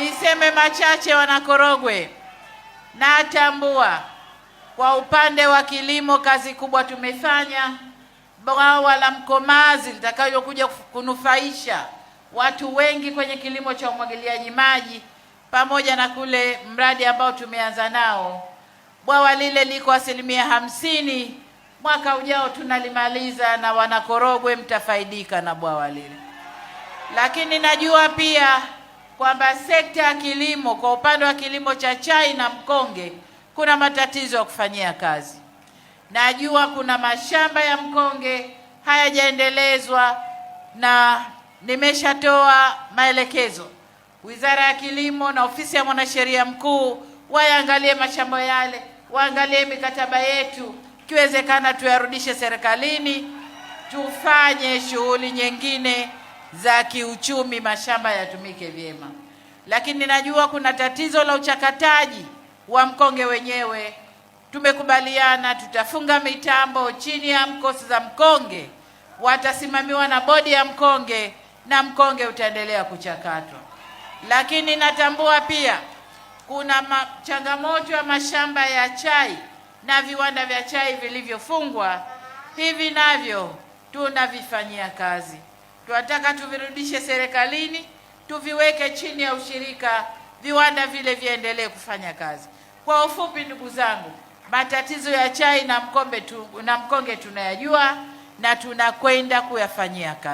Niseme machache wanakorogwe. Natambua kwa upande wa kilimo kazi kubwa tumefanya. Bwawa la Mkomazi litakayokuja kunufaisha watu wengi kwenye kilimo cha umwagiliaji maji, pamoja na kule mradi ambao tumeanza nao. Bwawa lile liko asilimia hamsini, mwaka ujao tunalimaliza, na wanakorogwe mtafaidika na bwawa lile, lakini najua pia kwamba sekta ya kilimo kwa upande wa kilimo cha chai na mkonge kuna matatizo ya kufanyia kazi. Najua kuna mashamba ya mkonge hayajaendelezwa na nimeshatoa maelekezo Wizara ya Kilimo na Ofisi ya Mwanasheria Mkuu wayaangalie mashamba yale, waangalie mikataba yetu, ikiwezekana tuyarudishe serikalini, tufanye shughuli nyingine za kiuchumi mashamba yatumike vyema, lakini ninajua kuna tatizo la uchakataji wa mkonge wenyewe. Tumekubaliana tutafunga mitambo chini ya mkosi za mkonge, watasimamiwa na bodi ya mkonge na mkonge utaendelea kuchakatwa. Lakini natambua pia kuna changamoto ya mashamba ya chai na viwanda vya chai vilivyofungwa, hivi navyo tunavifanyia kazi. Tunataka tuvirudishe serikalini, tuviweke chini ya ushirika, viwanda vile viendelee kufanya kazi. Kwa ufupi, ndugu zangu, matatizo ya chai na mkombe tu, na mkonge tunayajua na tunakwenda kuyafanyia kazi.